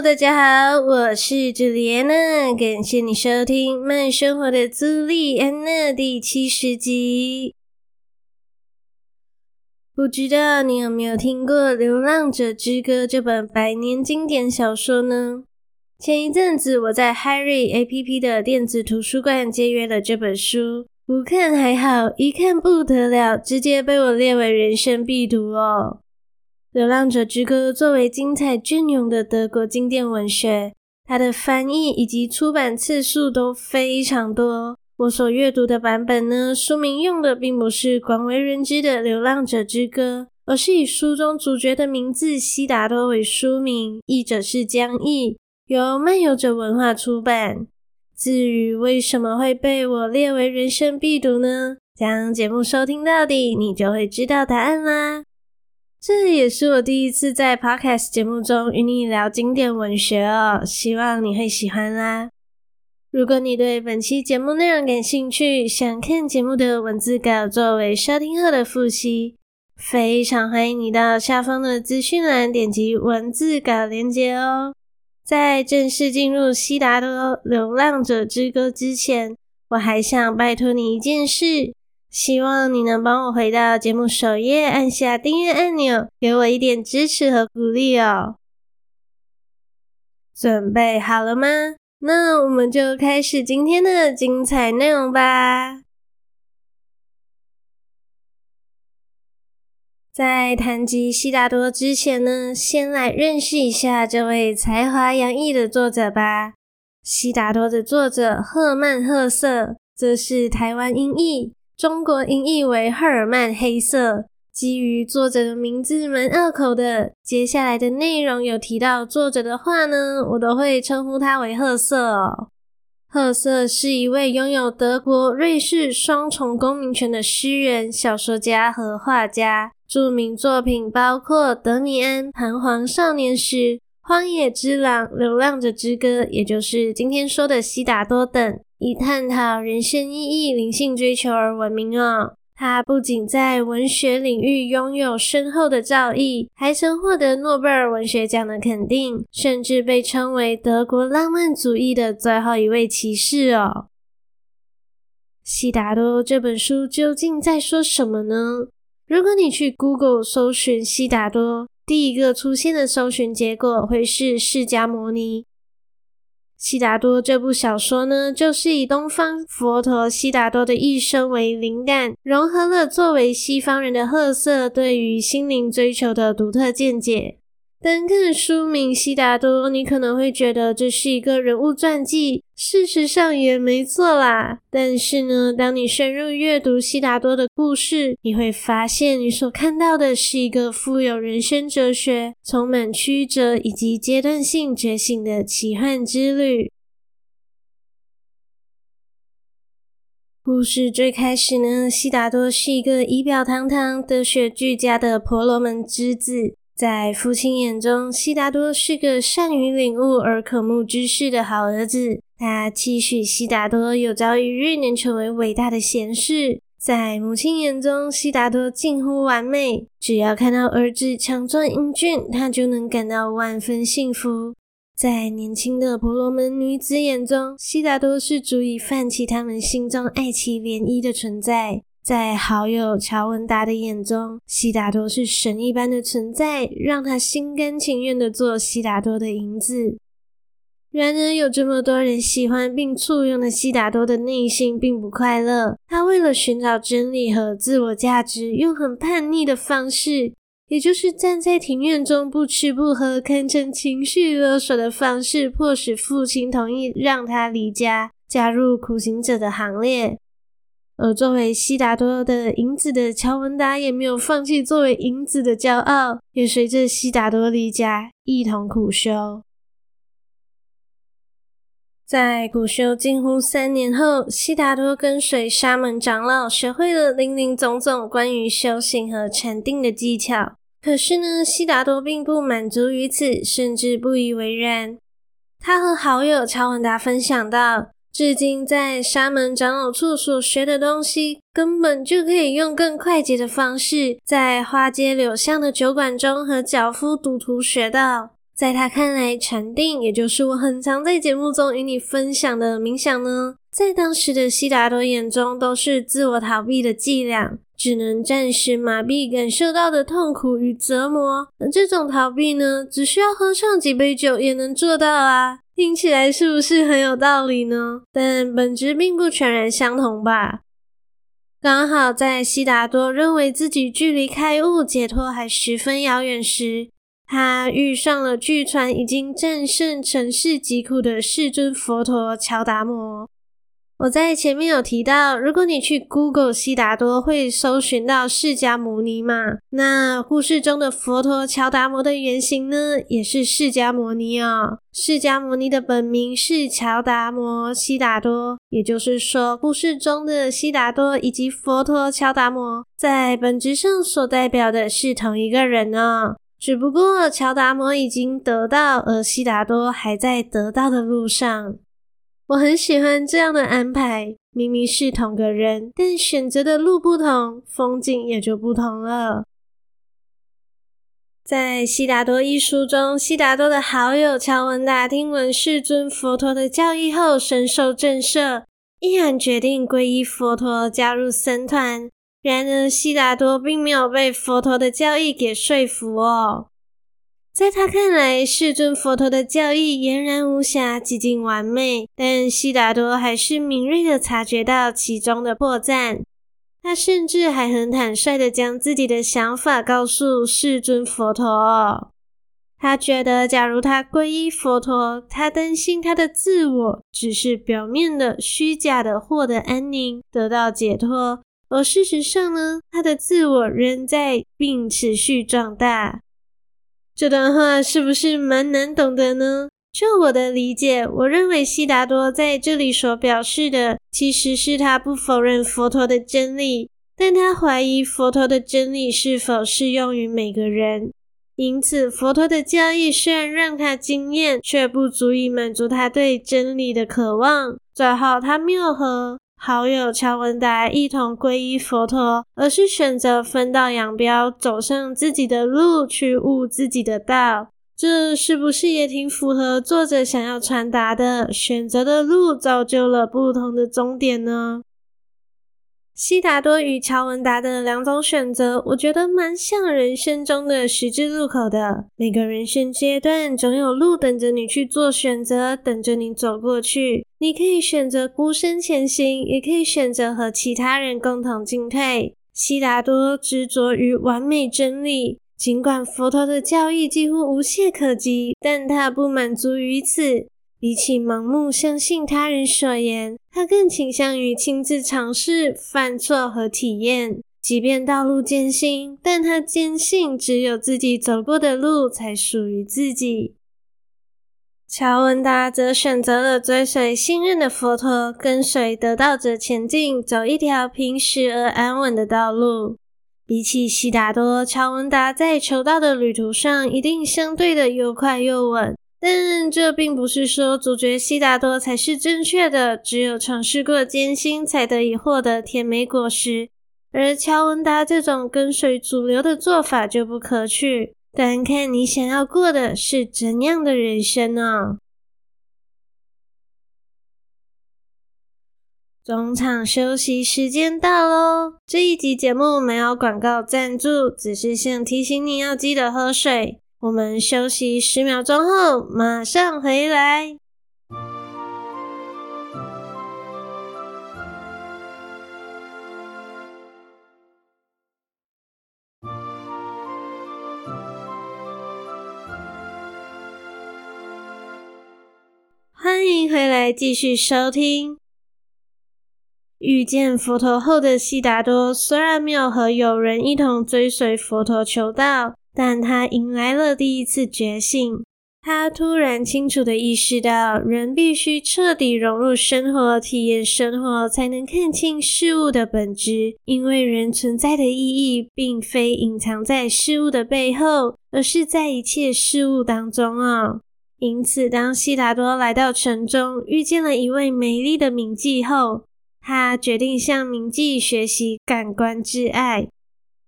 大家好，我是朱莉安娜，感謝你收聽慢生活的朱莉安娜第七十集。不知道你有沒有聽過《流浪者之歌》這本百年經典小說呢？前一陣子我在 HyRead APP 的電子圖書館借閱了這本書，不看還好，一看不得了，直接被我列為人生必讀哦。《流浪者之歌》作為精彩雋永的德國經典文學，它的翻譯以及出版次數都非常多。我所閱讀的版本呢，書名用的並不是廣為人知的《流浪者之歌》，而是以書中主角的名字悉達多為書名。譯者是姜乙，由漫遊者文化出版。至於為什麼會被我列為人生必讀呢？將節目收聽到底，你就會知道答案啦。這也是我第一次在 Podcast 節目中與你聊經典文學哦，希望你會喜歡啦！如果你對本期節目內容感興趣，想看節目的文字稿作為收聽後的複習，非常歡迎你到下方的資訊欄點擊文字稿連結哦。在正式進入《悉達多：流浪者之歌》之前，我還想拜托你一件事。希望你能幫我回到節目首頁，按下訂閱按鈕，給我一點支持和鼓勵哦。準備好了嗎？那我們就開始今天的精彩內容吧。在談及《悉達多》之前呢，先來認識一下這位才華洋溢的作者吧，《悉達多》的作者赫曼·赫塞，這是台灣音譯。中國音譯為赫爾曼·黑塞，基於作者的名字蠻拗口的。接下來的內容有提到作者的話呢，我都會稱呼他為赫塞哦。赫塞是一位擁有德國、瑞士雙重公民權的詩人、小說家和畫家。著名作品包括《德米安·彷徨少年時》《荒野之狼》《流浪者之歌》，也就是今天說的《悉達多》等。以探討人生意義、靈性追求而聞名哦。他不僅在文學領域擁有深厚的造詣，還曾獲得諾貝爾文學獎的肯定，甚至被稱為德國浪漫主義的最後一位騎士哦。《悉達多》這本書究竟在說什麼呢？如果你去 Google 搜尋《悉達多》，第一個出現的搜尋結果會是釋迦牟尼。《悉達多》這部小說呢，就是以東方佛陀悉達多的一生為靈感，融合了作為西方人的赫塞對於心靈追求的獨特見解。單看書名《悉達多》，你可能會覺得這是一個人物傳記。事實上也沒錯啦，但是呢，當你深入閱讀悉達多的故事，你會發現你所看到的是一個富有人生哲學、充滿曲折以及階段性覺醒的奇幻之旅。故事最開始呢，悉達多是一個儀表堂堂、德學俱佳的婆羅門之子。在父親眼中，悉達多是個善於領悟而渴慕知識的好兒子。他期許悉達多有朝一日能成為偉大的賢士。在母親眼中，悉達多近乎完美，只要看到兒子強壯英俊，他就能感到萬分幸福。在年輕的婆羅門女子眼中，悉達多是足以泛起他們心中愛奇漣漪的存在。在好友喬文達的眼中，悉達多是神一般的存在，讓他心甘情願地做悉達多的影子。然而，有這麼多人喜歡並簇擁的悉達多的內心並不快樂。他為了尋找真理和自我價值，用很叛逆的方式，也就是站在庭院中不吃不喝，堪稱情緒勒索的方式，迫使父親同意讓他離家，加入苦行者的行列。而作為悉達多的影子的喬文達也沒有放棄作為影子的驕傲，也隨着悉達多離家一同苦修。在苦修近乎三年後，悉達多跟隨沙門長老學會了林林總總關於修行和禪定的技巧。可是呢，悉達多並不滿足於此，甚至不以為然。他和好友喬文達分享到，至今在沙門長老處所學的東西，根本就可以用更快捷的方式，在花街柳巷的酒館中和腳夫賭徒學到。在他看來，禪定，也就是我很常在節目中與你分享的冥想呢，在當時的悉達多眼中都是自我逃避的伎倆，只能暫時麻痹感受到的痛苦與折磨。而這種逃避呢，只需要喝上幾杯酒也能做到啊。聽起來是不是很有道理呢？但本質並不全然相同吧。剛好在悉達多認為自己距離開悟解脫還十分遙遠時，他遇上了據傳已經戰勝塵世疾苦的世尊佛陀喬達摩。我在前面有提到，如果你去 Google 悉達多，會搜尋到釋迦牟尼嘛？那故事中的佛陀喬達摩的原型呢，也是釋迦牟尼哦。釋迦牟尼的本名是喬達摩悉達多，也就是說，故事中的悉達多以及佛陀喬達摩，在本質上所代表的是同一個人哦。只不過喬達摩已經得道，而悉達多還在得道的路上。我很喜歡這樣的安排，明明是同個人，但選擇的路不同，風景也就不同了。在《悉達多》一書中，悉達多的好友喬文達聽聞世尊佛陀的教義後，深受震懾，毅然決定皈依佛陀，加入僧團。然而，悉達多並沒有被佛陀的教義給說服哦。在他看來，世尊佛陀的教義儼然無瑕，幾近完美。但悉達多還是敏銳地察覺到其中的破綻。他甚至還很坦率地將自己的想法告訴世尊佛陀。他覺得，假如他皈依佛陀，他擔心他的自我只是表面的、虛假的獲得安寧、得到解脫。而事實上呢，他的自我仍在，並持續壯大。這段話是不是蠻難懂的呢？就我的理解，我認為悉達多在這裡所表示的，其實是他不否認佛陀的真理，但他懷疑佛陀的真理是否適用於每個人。因此，佛陀的教義雖然讓他驚艷，卻不足以滿足他對真理的渴望。最後，他謬和好友喬文達一同皈依佛陀，而是選擇分道揚鑣，走上自己的路，去悟自己的道。這是不是也挺符合作者想要傳達的，選擇的路造就了不同的終點呢？悉達多與喬文達的兩種選擇，我覺得蠻像人生中的十字路口的。每個人生階段總有路等着你去做選擇，等着你走過去。你可以選擇孤身前行，也可以選擇和其他人共同進退。悉達多執着於完美真理，儘管佛陀的教義幾乎無懈可擊，但他不滿足於此。比起盲目相信他人所言，他更傾向於親自嘗試、犯錯和體驗。即便道路艱辛，但他堅信只有自己走過的路才屬於自己。喬文達則選擇了追隨信任的佛陀，跟隨得道者前進，走一條平實而安穩的道路。比起悉達多，喬文達在求道的旅途上一定相對的又快又穩。但這並不是說主角悉達多才是正確的，只有嘗試過艱辛，才得以獲得甜美果實。而喬文達這種跟隨主流的做法就不可取。但看你想要過的是怎樣的人生呢？喔，中場休息時間到咯，這一集節目沒有廣告贊助，只是想提醒你要記得喝水。我們休息十秒鐘後，馬上回來。歡迎回來，繼續收聽。遇見佛陀後的悉達多，雖然沒有和友人一同追隨佛陀求道。但他迎來了第一次覺醒，他突然清楚地意識到，人必須徹底融入生活，體驗生活，才能看清事物的本質。因為人存在的意義，並非隱藏在事物的背後，而是在一切事物當中哦。因此，當悉達多來到城中，遇見了一位美麗的名妓後，他決定向名妓學習感官之愛。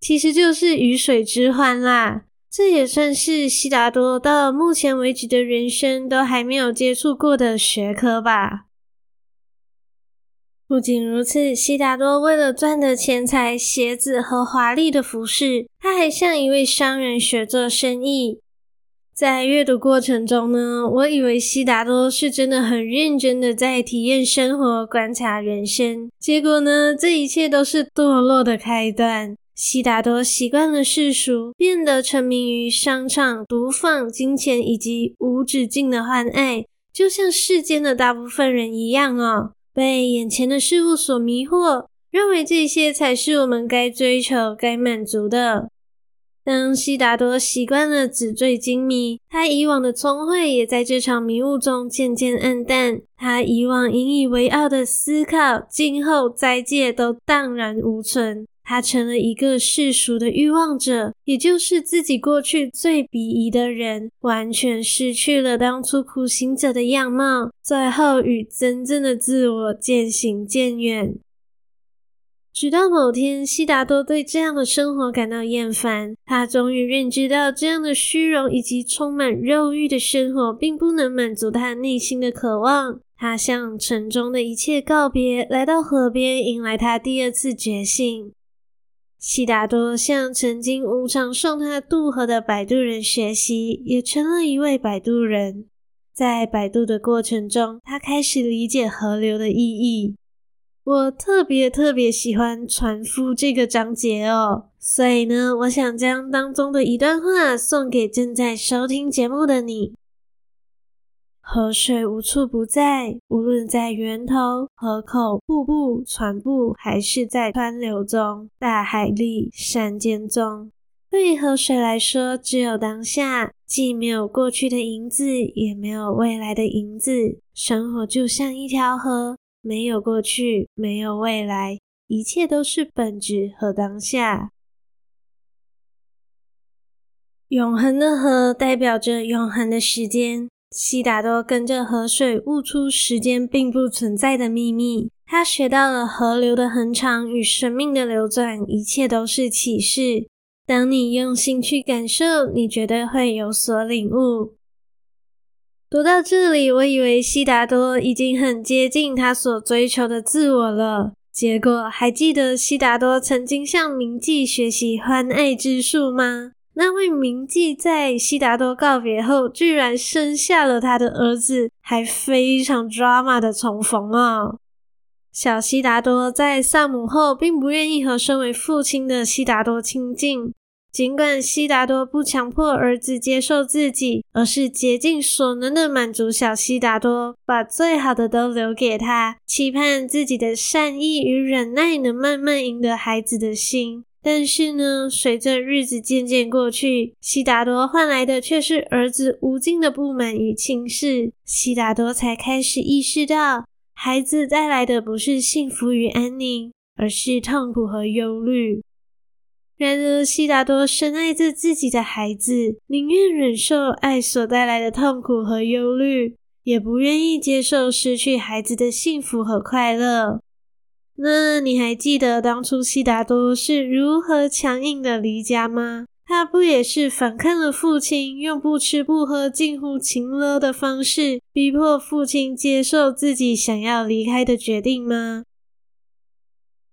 其實就是魚水之歡啦。這也算是悉達多到目前為止的人生都還沒有接觸過的學科吧。不僅如此，悉達多為了賺得錢財、鞋子和華麗的服飾，他還向一位商人學做生意。在閱讀過程中呢，我以為悉達多是真的很認真的在體驗生活、觀察人生，結果呢，這一切都是墮落的開端。悉達多習慣了世俗，變得沉迷於商場、賭坊、金錢以及無止境的歡愛，就像世間的大部分人一樣哦、喔，被眼前的事物所迷惑，認為這些才是我們該追求、該滿足的。當悉達多習慣了紙醉金迷，他以往的聰慧也在這場迷霧中漸漸暗淡，他以往引以為傲的思考、靜候、齋戒都蕩然無存。他成了一個世俗的慾望者，也就是自己過去最鄙夷的人，完全失去了當初苦行者的樣貌，最後與真正的自我漸行漸遠。直到某天，悉達多對這樣的生活感到厭煩，他終於認知到這樣的虛榮以及充滿肉慾的生活，並不能滿足他內心的渴望。他向城中的一切告別，來到河邊，迎來他第二次覺醒。悉達多向曾經無償送他渡河的擺渡人學習，也成了一位擺渡人。在擺渡的過程中，他開始理解河流的意義。我特別特別喜歡船夫這個章節哦、喔，所以呢，我想將當中的一段話送給正在收聽節目的你。河水無處不在，無論在源頭、河口、瀑布、船埠，還是在川流中、大海裡、山間中。對於河水來說，只有當下，既沒有過去的影子，也沒有未來的影子。生活就像一條河，沒有過去，沒有未來，一切都是本質和當下。永恆的河代表着永恆的時間。悉達多跟着河水悟出時間並不存在的祕密，他學到了河流的恆長與生命的流轉，一切都是啟示。當你用心去感受，你絕對會有所領悟。讀到這裡，我以為悉達多已經很接近他所追求的自我了，結果還記得悉達多曾經向名妓學習歡愛之術嗎？那位名妓在悉達多告別後，居然生下了他的兒子，還非常 drama 的重逢啊！小悉達多在喪母後，並不願意和身為父親的悉達多親近。盡管悉達多不強迫兒子接受自己，而是竭盡所能的滿足小悉達多，把最好的都留給他，期盼自己的善意與忍耐能慢慢贏得孩子的心。但是呢，隨着日子漸漸過去，悉達多換來的卻是兒子無盡的不滿與輕視。悉達多才開始意識到，孩子帶來的不是幸福與安寧，而是痛苦和憂慮。然而，悉達多深愛着自己的孩子，寧願忍受愛所帶來的痛苦和憂慮，也不願意接受失去孩子的幸福和快樂。那你還記得當初悉達多是如何強硬的離家嗎？他不也是反抗了父親，用不吃不喝、近乎情勒的方式，逼迫父親接受自己想要離開的決定嗎？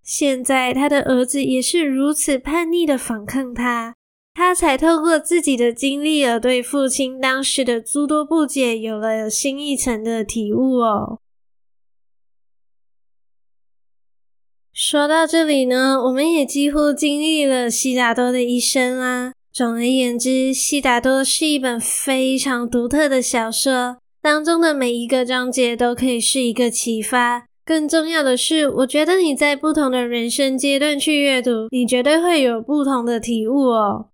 現在他的兒子也是如此叛逆的反抗他，他才透過自己的經歷，而對父親當時的諸多不解有了新一層的體悟哦。說到這裡呢，我們也幾乎經歷了悉達多的一生啦。總而言之，悉達多是一本非常獨特的小說，當中的每一個章節都可以是一個啟發。更重要的是，我覺得你在不同的人生階段去閱讀，你絕對會有不同的體悟哦。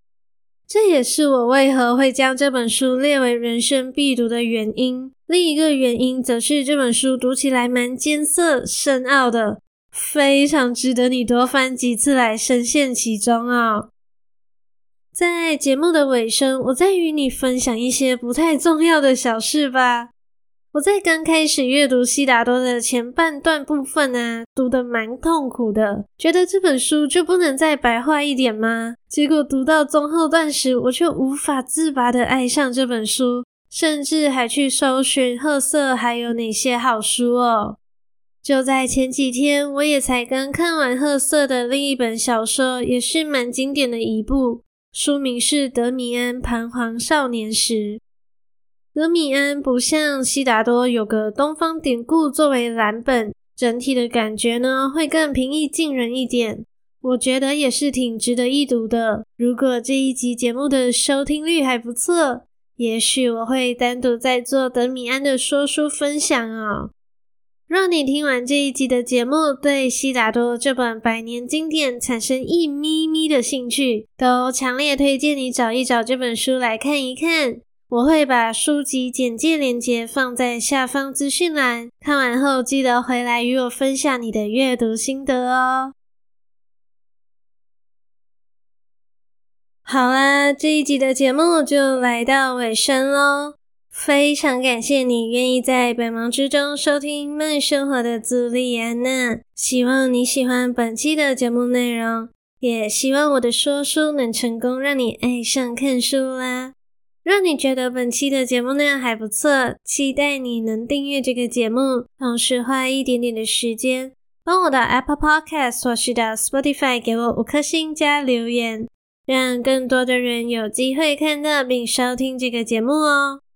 這也是我為何會將這本書列為人生必讀的原因。另一個原因則是這本書讀起來蠻艱澀、深奧的。非常值得你多翻幾次來深陷其中哦。在節目的尾聲，我再與你分享一些不太重要的小事吧。我在剛開始閱讀《悉達多》的前半段部分呢、啊，讀的蠻痛苦的，覺得這本書就不能再白話一點嗎？結果讀到中後段時，我卻無法自拔地愛上這本書，甚至還去搜尋赫塞還有哪些好書哦。就在前幾天，我也才剛看完赫塞的另一本小說，也是蠻經典的一部，書名是《德米安：彷徨少年時》。德米安不像悉達多有個東方典故作為藍本，整體的感覺呢會更平易近人一點。我覺得也是挺值得一讀的。如果這一集節目的收聽率還不錯，也許我會單獨再做德米安的說書分享啊、哦。若你聽完這一集的節目，對悉達多這本百年經典產生一咪咪的興趣，都強烈推薦你找一找這本書來看一看。我會把書籍簡介鏈接放在下方資訊欄，看完後記得回來與我分享你的閱讀心得哦。好啦，這一集的節目就來到尾聲嘍。非常感謝你願意在百忙之中收聽《慢生活的朱莉安娜》。希望你喜歡本期的節目內容，也希望我的說書能成功讓你愛上看書啦。若你覺得本期的節目內容還不錯，期待你能訂閱這個節目，同時花一點點的時間幫我的 Apple Podcast 或是到 Spotify 給我五顆星加留言，讓更多的人有機會看到並收聽這個節目哦、喔。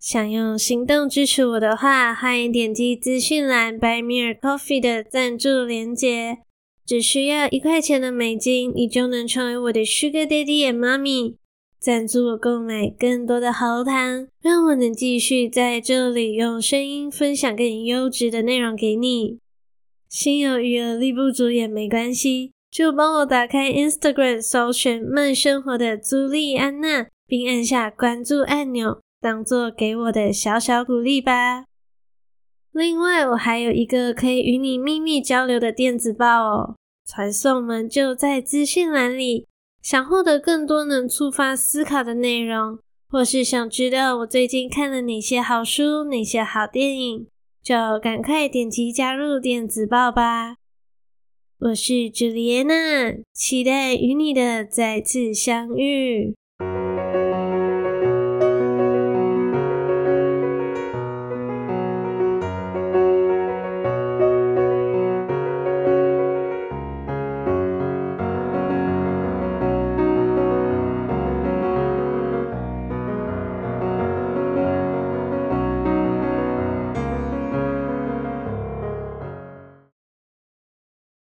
想用行動支持我的話，歡迎點擊資訊欄 Buy Me a Coffee 的贊助連結，只需要一塊錢的美金，你就能成為我的 Sugar Daddy and Mommy，贊助我購買更多的喉糖，讓我能繼續在這裡用聲音分享更優質的內容給你。心有餘而力不足也沒關係，就幫我打開 Instagram，搜尋慢生活的朱莉安娜，並按下關注按鈕。當作給我的小小鼓勵吧。另外，我還有一個可以與你秘密交流的電子報哦、喔，傳送門就在資訊欄裡，想獲得更多能觸發思考的內容，或是想知道我最近看了哪些好書、哪些好電影，就趕快點擊加入電子報吧。我是 Juliana，期待與你的再次相遇。